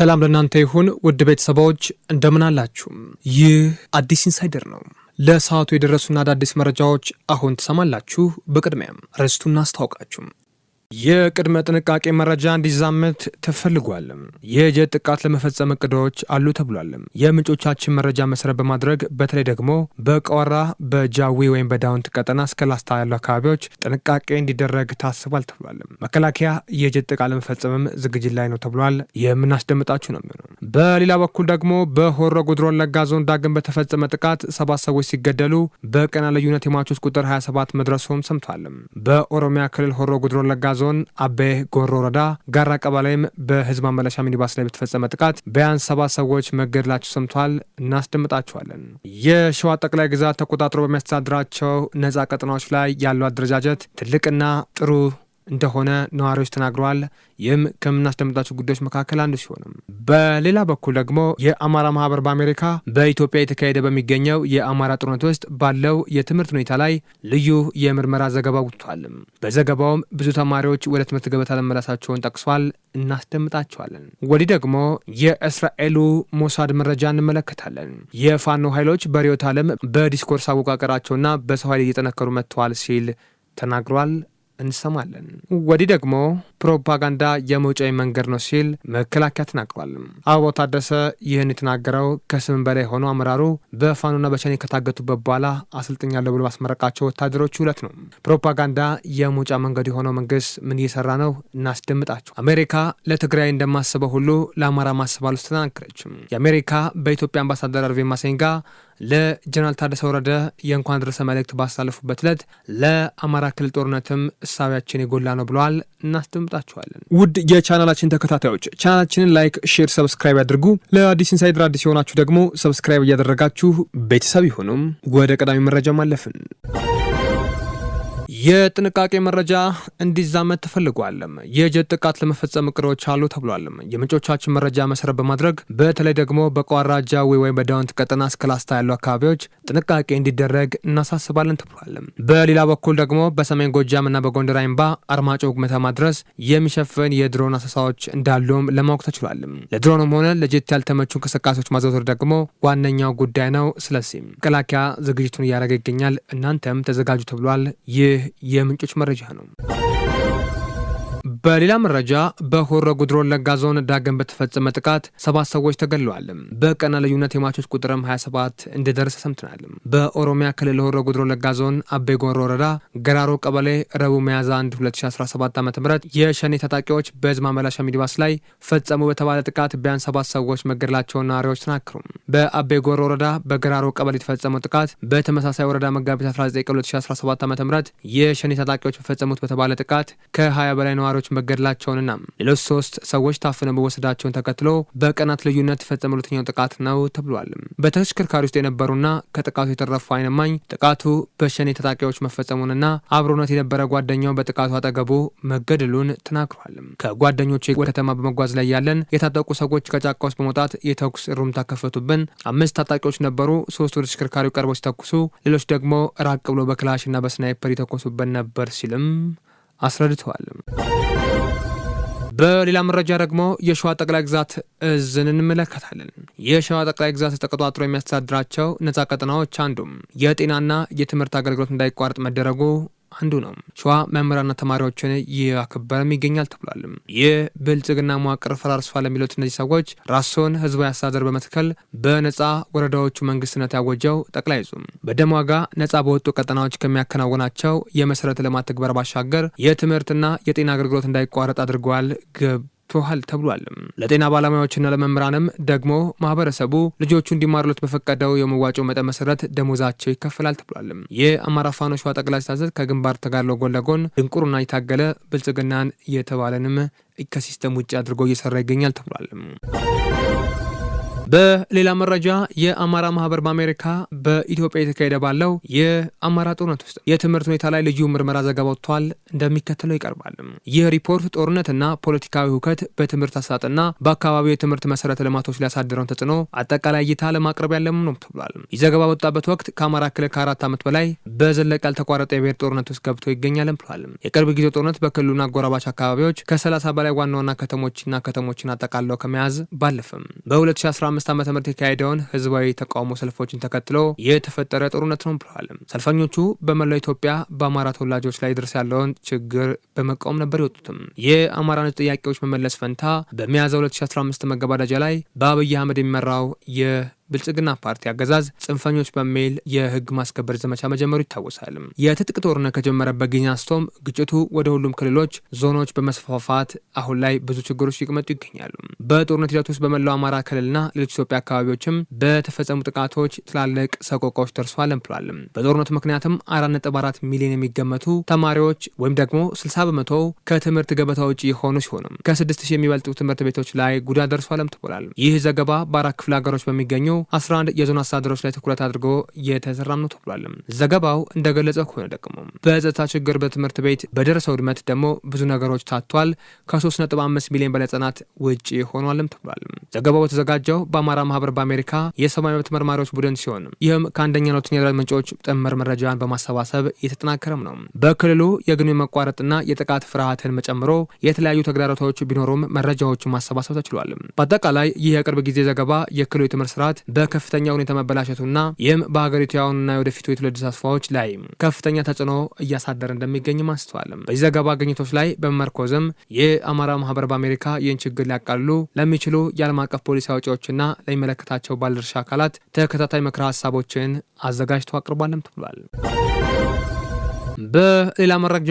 ሰላም ለእናንተ ይሁን ውድ ቤተሰባዎች እንደምን አላችሁም? ይህ አዲስ ኢንሳይደር ነው። ለሰዓቱ የደረሱና አዳዲስ መረጃዎች አሁን ትሰማላችሁ። በቅድሚያም ርዕስቱን እናስታውቃችሁ። የቅድመ ጥንቃቄ መረጃ እንዲዛመት ተፈልጓል። የጀት ጥቃት ለመፈጸም እቅዶች አሉ ተብሏል። የምንጮቻችን መረጃ መሰረት በማድረግ በተለይ ደግሞ በቀወራ በጃዊ ወይም በዳውንት ቀጠና እስከ ላስታ ያሉ አካባቢዎች ጥንቃቄ እንዲደረግ ታስቧል ተብሏል። መከላከያ የጀት ጥቃት ለመፈጸምም ዝግጅት ላይ ነው ተብሏል። የምናስደምጣችሁ ነው የሚሆነው። በሌላ በኩል ደግሞ በሆሮ ጉድሮ ወለጋ ዞን ዳግም በተፈጸመ ጥቃት ሰባት ሰዎች ሲገደሉ በቀና ልዩነት የሟቾች ቁጥር 27 መድረሱም ሰምቷል። በኦሮሚያ ክልል ሆሮ ጉድሮ ወለጋ ዞን አቤ ጎሮ ወረዳ ጋራ ቀባ በህዝብ ማመላለሻ ሚኒባስ ላይ በተፈጸመ ጥቃት ቢያንስ ሰባት ሰዎች መገደላቸው ሰምቷል። እናስደምጣችኋለን። የሸዋ ጠቅላይ ግዛት ተቆጣጥሮ በሚያስተዳድራቸው ነጻ ቀጠናዎች ላይ ያለው አደረጃጀት ትልቅና ጥሩ እንደሆነ ነዋሪዎች ተናግረዋል። ይህም ከምናስደምጣቸው ጉዳዮች መካከል አንዱ ሲሆንም በሌላ በኩል ደግሞ የአማራ ማህበር በአሜሪካ በኢትዮጵያ የተካሄደ በሚገኘው የአማራ ጦርነት ውስጥ ባለው የትምህርት ሁኔታ ላይ ልዩ የምርመራ ዘገባ ወጥቷል። በዘገባውም ብዙ ተማሪዎች ወደ ትምህርት ገበታ ለመላሳቸውን ጠቅሷል። እናስደምጣቸዋለን። ወዲህ ደግሞ የእስራኤሉ ሞሳድ መረጃ እንመለከታለን። የፋኖ ኃይሎች በርዕዮተ ዓለም በዲስኮርስ አወቃቀራቸውና በሰው ኃይል እየጠነከሩ መጥተዋል ሲል ተናግሯል። እንሰማለን። ወዲህ ደግሞ ፕሮፓጋንዳ የመውጫዊ መንገድ ነው ሲል መከላከያ ተናግሯል። አበባው ታደሰ ይህን የተናገረው ከስም በላይ ሆኖ አመራሩ በፋኖና በሸኔ ከታገቱበት በኋላ አሰልጥኛለሁ ብሎ ማስመረቃቸው ወታደሮች ሁለት ነው። ፕሮፓጋንዳ የመውጫ መንገድ የሆነው መንግስት ምን እየሰራ ነው? እናስደምጣቸው። አሜሪካ ለትግራይ እንደማስበው ሁሉ ለአማራ ውስጥ ተናገረች። የአሜሪካ በኢትዮጵያ አምባሳደር አርቬ ማሴንጋ ለጀነራል ታደሰ ወረደ የእንኳን ደረሰ መልእክት ባሳለፉበት ዕለት ለአማራ ክልል ጦርነትም እሳቢያችን የጎላ ነው ብለዋል። እናስደምጣችኋለን። ውድ የቻናላችን ተከታታዮች ቻናላችንን ላይክ፣ ሼር፣ ሰብስክራይብ ያድርጉ። ለአዲስ ኢንሳይድር አዲስ የሆናችሁ ደግሞ ሰብስክራይብ እያደረጋችሁ ቤተሰብ ይሁኑም። ወደ ቀዳሚ መረጃ ማለፍን የጥንቃቄ መረጃ እንዲዛመት ተፈልጓልም። የጀት ጥቃት ለመፈጸም እቅዶች አሉ ተብሏልም። የምንጮቻችን መረጃ መሰረት በማድረግ በተለይ ደግሞ በቋራ ጃዊ ወይም በዳውንት ቀጠና እስከ ላስታ ያሉ አካባቢዎች ጥንቃቄ እንዲደረግ እናሳስባለን ተብሏልም። በሌላ በኩል ደግሞ በሰሜን ጎጃም እና በጎንደር አይምባ አርማጮ ጉመተማ ድረስ የሚሸፍን የድሮን አሰሳዎች እንዳሉም ለማወቅ ተችሏልም። ለድሮንም ሆነ ለጀት ያልተመቹ እንቅስቃሴዎች ማዘውተር ደግሞ ዋነኛው ጉዳይ ነው። ስለሲም መከላከያ ዝግጅቱን እያደረገ ይገኛል። እናንተም ተዘጋጁ ተብሏል። ይህ የምንጮች መረጃ ነው። በሌላ መረጃ በሆረ ጉድሮ ወለጋ ዞን ዳግም በተፈጸመ ጥቃት ሰባት ሰዎች ተገለዋል። በቀና ልዩነት የሟቾች ቁጥርም 27 እንደደረሰ ሰምተናል። በኦሮሚያ ክልል ሆረ ጉድሮ ወለጋ ዞን አቤ ወረዳ ገራሮ ቀበሌ ረቡዕ ሚያዝያ 1 2017 ዓ ም የሸኔ ታጣቂዎች በህዝብ ማመላለሻ ሚኒባስ ላይ ፈጸሙ በተባለ ጥቃት ቢያንስ ሰባት ሰዎች መገደላቸውን ነዋሪዎች ተናገሩ። በአቤጎሮ ጎሮ ወረዳ በገራሮ ቀበሌ የተፈጸመው ጥቃት በተመሳሳይ ወረዳ መጋቢት 19 2017 ዓ ም የሸኔ ታጣቂዎች በፈጸሙት በተባለ ጥቃት ከ20 በላይ ነዋሪዎች መገደላቸውንና ሌሎች ሶስት ሰዎች ታፍነው መወሰዳቸውን ተከትሎ በቀናት ልዩነት የተፈጸመ ሁለተኛው ጥቃት ነው ተብሏል። በተሽከርካሪ ውስጥ የነበሩና ከጥቃቱ የተረፉ አይነማኝ ጥቃቱ በሸኔ ታጣቂዎች መፈጸሙንና አብሮነት የነበረ ጓደኛው በጥቃቱ አጠገቡ መገደሉን ተናግሯል። ከጓደኞቹ ወደ ከተማ በመጓዝ ላይ ያለን የታጠቁ ሰዎች ከጫካ ውስጥ በመውጣት የተኩስ ሩምታ ከፈቱብን። አምስት ታጣቂዎች ነበሩ። ሶስቱ ወደ ተሽከርካሪው ቀርበው ሲተኩሱ፣ ሌሎች ደግሞ ራቅ ብሎ በክላሽና በስናይፐር የተኮሱብን ነበር ሲልም አስረድተዋል። በሌላ መረጃ ደግሞ የሸዋ ጠቅላይ ግዛት እዝን እንመለከታለን። የሸዋ ጠቅላይ ግዛት ተቆጣጥሮ የሚያስተዳድራቸው ነጻ ቀጠናዎች አንዱም የጤናና የትምህርት አገልግሎት እንዳይቋረጥ መደረጉ አንዱ ነው። ሸዋ መምህራንና ተማሪዎችን እያከበረም ይገኛል ተብሏልም። ይህ ብልጽግና መዋቅር ፈራርስፋ ለሚሉት እነዚህ ሰዎች ራሱን ህዝባዊ አስተዳደር በመትከል በነጻ ወረዳዎቹ መንግስትነት ያወጀው ጠቅላይ ዙም በደም ዋጋ ነጻ በወጡ ቀጠናዎች ከሚያከናውናቸው የመሰረተ ልማት ትግበር ባሻገር የትምህርትና የጤና አገልግሎት እንዳይቋረጥ አድርገዋል። ግብ ተሰጥቷል ተብሏል። ለጤና ባለሙያዎችና ለመምህራንም ደግሞ ማህበረሰቡ ልጆቹ እንዲማሩለት በፈቀደው የመዋጮ መጠን መሰረት ደሞዛቸው ይከፈላል ተብሏል። የአማራ ፋኖ ሸዋ ጠቅላይ ከግንባር ተጋድሎ ጎን ለጎን ድንቁርና የታገለ ብልጽግናን እየተባለንም ከሲስተም ውጭ አድርጎ እየሰራ ይገኛል ተብሏል። በሌላ መረጃ የአማራ ማህበር በአሜሪካ በኢትዮጵያ የተካሄደ ባለው የአማራ ጦርነት ውስጥ የትምህርት ሁኔታ ላይ ልዩ ምርመራ ዘገባ ወጥቷል። እንደሚከተለው ይቀርባል። ይህ ሪፖርት ጦርነትና ፖለቲካዊ ሁከት በትምህርት አሰጣጥና በአካባቢው የትምህርት መሰረተ ልማቶች ላይ ተጽዕኖ አጠቃላይ እይታ ለማቅረብ ያለም ነው ተብሏል። ይህ ዘገባ በወጣበት ወቅት ከአማራ ክልል ከአራት ዓመት በላይ በዘለቀ ያልተቋረጠ የብሔር ጦርነት ውስጥ ገብቶ ይገኛል ብሏል። የቅርብ ጊዜው ጦርነት በክልሉና አጎራባች አካባቢዎች ከ30 በላይ ዋና ዋና ከተሞችና ከተሞችን አጠቃለው ከመያዝ ባለፈም በ2015 2015 ዓ ም የተካሄደውን ህዝባዊ ተቃውሞ ሰልፎችን ተከትሎ የተፈጠረ ጦርነት ነው ብለዋል። ሰልፈኞቹ በመላው ኢትዮጵያ በአማራ ተወላጆች ላይ ድርስ ያለውን ችግር በመቃወም ነበር የወጡትም። የአማራነት ጥያቄዎች መመለስ ፈንታ በሚያዝያ 2015 መገባደጃ ላይ በአብይ አህመድ የሚመራው የ ብልጽግና ፓርቲ አገዛዝ ጽንፈኞች በሚል የህግ ማስከበር ዘመቻ መጀመሩ ይታወሳል። የትጥቅ ጦርነት ከጀመረበት ጊዜ አንስቶም ግጭቱ ወደ ሁሉም ክልሎች፣ ዞኖች በመስፋፋት አሁን ላይ ብዙ ችግሮች ይቅመጡ ይገኛሉ። በጦርነት ሂደት ውስጥ በመላው አማራ ክልልና ሌሎች ኢትዮጵያ አካባቢዎችም በተፈጸሙ ጥቃቶች ትላልቅ ሰቆቃዎች ደርሷል ብሏል። በጦርነቱ ምክንያትም አራት ሚሊዮን የሚገመቱ ተማሪዎች ወይም ደግሞ 60 በመቶ ከትምህርት ገበታ ውጭ የሆኑ ሲሆንም ከስድስት ሺህ የሚበልጡ ትምህርት ቤቶች ላይ ጉዳት ደርሷል ተብሏል። ይህ ዘገባ በአራት ክፍለ ሀገሮች በሚገኙ 11 የዞን አስተዳደሮች ላይ ትኩረት አድርጎ የተሰራም ነው ተብሏል። ዘገባው እንደገለጸው ከሆነ ደግሞ በጸጥታ ችግር በትምህርት ቤት በደረሰው ውድመት ደግሞ ብዙ ነገሮች ታጥቷል። ከ3.5 ሚሊዮን በላይ ህጻናት ውጪ ሆኗልም ተብሏል። ዘገባው የተዘጋጀው በአማራ ማህበር በአሜሪካ የሰብአዊ መብት መርማሪዎች ቡድን ሲሆን ይህም ከአንደኛ ነው የደረጃ ምንጮች ጥምር መረጃን በማሰባሰብ የተጠናከረም ነው። በክልሉ የግንኙነት መቋረጥና የጥቃት ፍርሃትን መጨምሮ የተለያዩ ተግዳሮቶች ቢኖሩም መረጃዎችን ማሰባሰብ ተችሏል። በአጠቃላይ ይህ የቅርብ ጊዜ ዘገባ የክልሉ የትምህርት ስርዓት በከፍተኛ ሁኔታ መበላሸቱና ይህም በሀገሪቱ የአሁኑና የወደፊቱ የትውልድ ተስፋዎች ላይ ከፍተኛ ተጽዕኖ እያሳደረ እንደሚገኝም አንስተዋል። በዚህ ዘገባ ግኝቶች ላይ በመመርኮዝም የአማራ ማህበር በአሜሪካ ይህን ችግር ሊያቃልሉ ለሚችሉ የዓለም አቀፍ ፖሊሲ አውጪዎችና ለሚመለከታቸው ባለድርሻ አካላት ተከታታይ ምክረ ሀሳቦችን አዘጋጅቶ አቅርቧልም ተብሏል። በሌላ መረጃ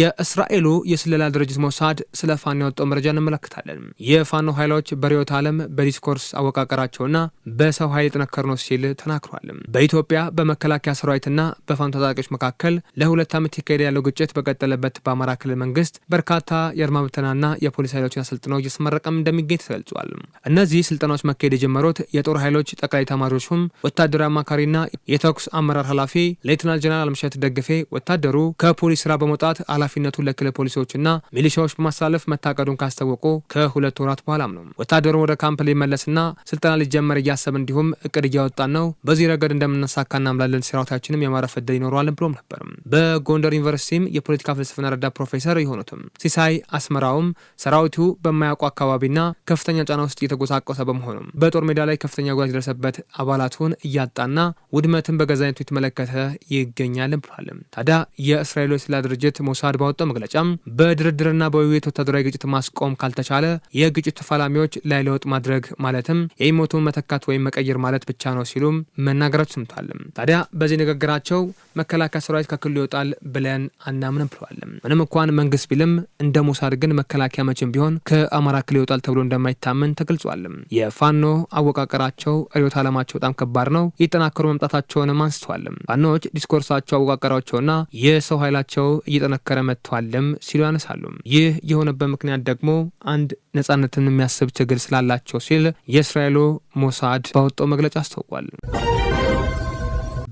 የእስራኤሉ የስለላ ድርጅት ሞሳድ ስለ ፋኖ ያወጣው መረጃ እንመለከታለን። የፋኖ ኃይሎች በርዕዮተ ዓለም በዲስኮርስ አወቃቀራቸውና በሰው ኃይል የጠነከሩ ነው ሲል ተናግሯል። በኢትዮጵያ በመከላከያ ሰራዊትና በፋኖ ታጣቂዎች መካከል ለሁለት ዓመት የካሄደ ያለው ግጭት በቀጠለበት በአማራ ክልል መንግስት በርካታ የአድማ ብተናና የፖሊስ ኃይሎችን አሰልጥነው እየስመረቀም እንደሚገኝ ተገልጿል። እነዚህ ስልጠናዎች መካሄድ የጀመሩት የጦር ኃይሎች ጠቅላይ ተማሪዎቹም ወታደራዊ አማካሪና የተኩስ አመራር ኃላፊ ሌትናል ጀነራል ምሸት ደግፌ ወታደ አስተዳደሩ ከፖሊስ ስራ በመውጣት ኃላፊነቱን ለክልል ፖሊሶችና ሚሊሻዎች በማስተላለፍ መታቀዱን ካስታወቁ ከሁለት ወራት በኋላም ነው። ወታደሩን ወደ ካምፕ ሊመለስና ስልጠና ሊጀመር እያሰብ እንዲሁም እቅድ እያወጣን ነው። በዚህ ረገድ እንደምናሳካ እናምላለን። ሰራዊታችንም የማረፍ እድል ይኖረዋል ብሎም ነበር። በጎንደር ዩኒቨርሲቲም የፖለቲካ ፍልስፍና ረዳት ፕሮፌሰር የሆኑትም ሲሳይ አስመራውም ሰራዊቱ በማያውቁ አካባቢና ከፍተኛ ጫና ውስጥ እየተጎሳቆሰ በመሆኑም በጦር ሜዳ ላይ ከፍተኛ ጉዳት የደረሰበት አባላቱን እያጣና ውድመትን በገዛኝቱ የተመለከተ ይገኛል ብሏል። ታዲያ የእስራኤሉ የስለላ ድርጅት ሞሳድ ባወጣው መግለጫ በድርድርና በውይይት ወታደራዊ ግጭት ማስቆም ካልተቻለ የግጭት ተፋላሚዎች ላይ ለውጥ ማድረግ ማለትም የኢሞቱን መተካት ወይም መቀየር ማለት ብቻ ነው ሲሉም መናገራቸው ሰምቷል። ታዲያ በዚህ ንግግራቸው መከላከያ ሰራዊት ከክልሉ ይወጣል ብለን አናምንም ብለዋል። ምንም እንኳን መንግስት ቢልም እንደ ሞሳድ ግን መከላከያ መቼም ቢሆን ከአማራ ክልል ይወጣል ተብሎ እንደማይታመን ተገልጿል። የፋኖ አወቃቀራቸው ርዕዮተ ዓለማቸው በጣም ከባድ ነው፣ ይጠናከሩ መምጣታቸውንም አንስተዋል። ፋኖዎች ዲስኮርሳቸው፣ አወቃቀራቸውና የሰው ኃይላቸው እየጠነከረ መጥቷልም ሲሉ ያነሳሉ። ይህ የሆነበት ምክንያት ደግሞ አንድ ነጻነትን የሚያስብ ችግር ስላላቸው ሲል የእስራኤሉ ሞሳድ ባወጣው መግለጫ አስታውቋል።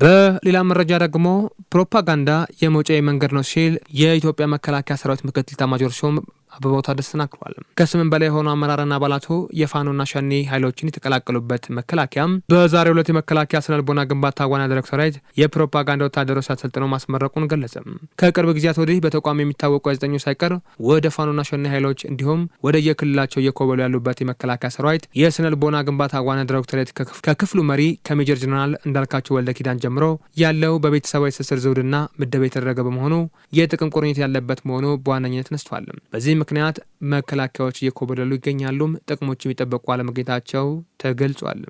በሌላ መረጃ ደግሞ ፕሮፓጋንዳ የመውጫ መንገድ ነው ሲል የኢትዮጵያ መከላከያ ሰራዊት ምክትል ኤታማዦር ሹም አበባው ታደሰ ተናግሯል። ከስምንት በላይ የሆኑ አመራርና አባላቱ የፋኖና ሸኔ ኃይሎችን የተቀላቀሉበት መከላከያ በዛሬ ሁለት የመከላከያ ስነልቦና ግንባታ ዋና ዳይሬክቶሬት የፕሮፓጋንዳ ወታደሮች አሰልጥኖ ማስመረቁን ገለጸ። ከቅርብ ጊዜያት ወዲህ በተቋም የሚታወቁ ጋዜጠኞች ሳይቀር ወደ ፋኖና ሸኔ ኃይሎች እንዲሁም ወደ የክልላቸው እየኮበሉ ያሉበት የመከላከያ ሰራዊት የስነልቦና ግንባታ ዋና ዳይሬክቶሬት ከክፍሉ መሪ ከሜጀር ጀነራል እንዳልካቸው ወልደ ኪዳን ጀምሮ ያለው በቤተሰባዊ ትስስር ዘውድና ምደብ የተደረገ በመሆኑ የጥቅም ቁርኝት ያለበት መሆኑ በዋነኝነት ተነስቷል። በዚህም ምክንያት መከላከያዎች እየኮበለሉ ይገኛሉም፣ ጥቅሞች የሚጠበቁ አለመገኘታቸው ተገልጿል።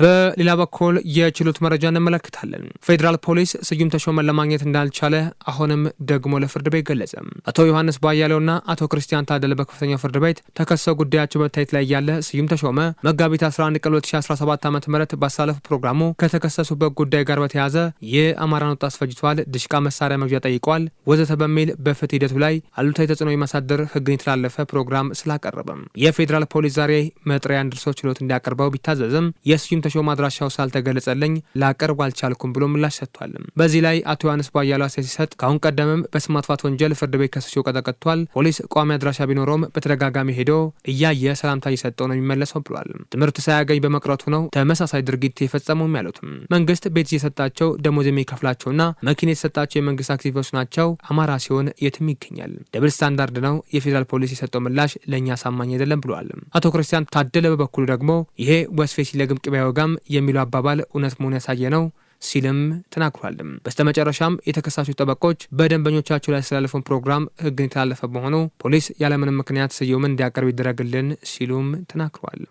በሌላ በኩል የችሎት መረጃ እንመለከታለን። ፌዴራል ፖሊስ ስዩም ተሾመን ለማግኘት እንዳልቻለ አሁንም ደግሞ ለፍርድ ቤት ገለጸ። አቶ ዮሐንስ ባያሌውና አቶ ክርስቲያን ታደለ በከፍተኛው ፍርድ ቤት ተከሰው ጉዳያቸው መታየት ላይ ያለ ስዩም ተሾመ መጋቢት 11 ቀን 2017 ዓ ም ባሳለፉ ፕሮግራሙ ከተከሰሱበት ጉዳይ ጋር በተያያዘ የአማራን ወጣት አስፈጅቷል፣ ድሽቃ መሳሪያ መግዣ ጠይቋል፣ ወዘተ በሚል በፍትህ ሂደቱ ላይ አሉታዊ ተጽዕኖ የማሳደር ህግን የተላለፈ ፕሮግራም ስላቀረበም የፌዴራል ፖሊስ ዛሬ መጥሪያ እንድርሶ ችሎት እንዲያቀርበው ቢታዘዝም የስዩ ዮናስኪን ተሾመ አድራሻው ስላልተገለጸልኝ ላቀርብ አልቻልኩም ብሎ ምላሽ ሰጥቷል። በዚህ ላይ አቶ ዮሐንስ ባያሉ አስተያየት ሲሰጥ ከአሁን ቀደምም በስም ማጥፋት ወንጀል ፍርድ ቤት ከሶ ቀጠቀጥቷል። ፖሊስ ቋሚ አድራሻ ቢኖረውም በተደጋጋሚ ሄዶ እያየ ሰላምታ እየሰጠው ነው የሚመለሰው ብሏል። ትምህርት ሳያገኝ በመቅረቱ ነው ተመሳሳይ ድርጊት የፈጸመውም ያሉትም መንግስት ቤት የሰጣቸው ደሞዝ የሚከፍላቸውና መኪና የተሰጣቸው የመንግስት አክቲቪስቶች ናቸው። አማራ ሲሆን የትም ይገኛል። ደብል ስታንዳርድ ነው። የፌዴራል ፖሊስ የሰጠው ምላሽ ለእኛ አሳማኝ አይደለም ብሏል። አቶ ክርስቲያን ታደለ በበኩሉ ደግሞ ይሄ ወስፌ ሲለግም ቅቤ አይወጋም የሚለው አባባል እውነት መሆን ያሳየ ነው ሲልም ተናግሯልም። በስተመጨረሻም የተከሳሾች ጠበቆች በደንበኞቻቸው ላይ ያስተላለፈውን ፕሮግራም ሕግን የተላለፈ በሆኑ ፖሊስ ያለምንም ምክንያት ስዩምን እንዲያቀርብ ይደረግልን ሲሉም ተናግሯል።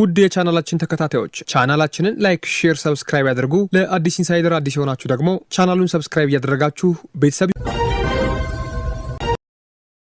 ውድ የቻናላችን ተከታታዮች ቻናላችንን ላይክ፣ ሼር፣ ሰብስክራይብ ያድርጉ። ለአዲስ ኢንሳይደር አዲስ የሆናችሁ ደግሞ ቻናሉን ሰብስክራይብ እያደረጋችሁ ቤተሰብ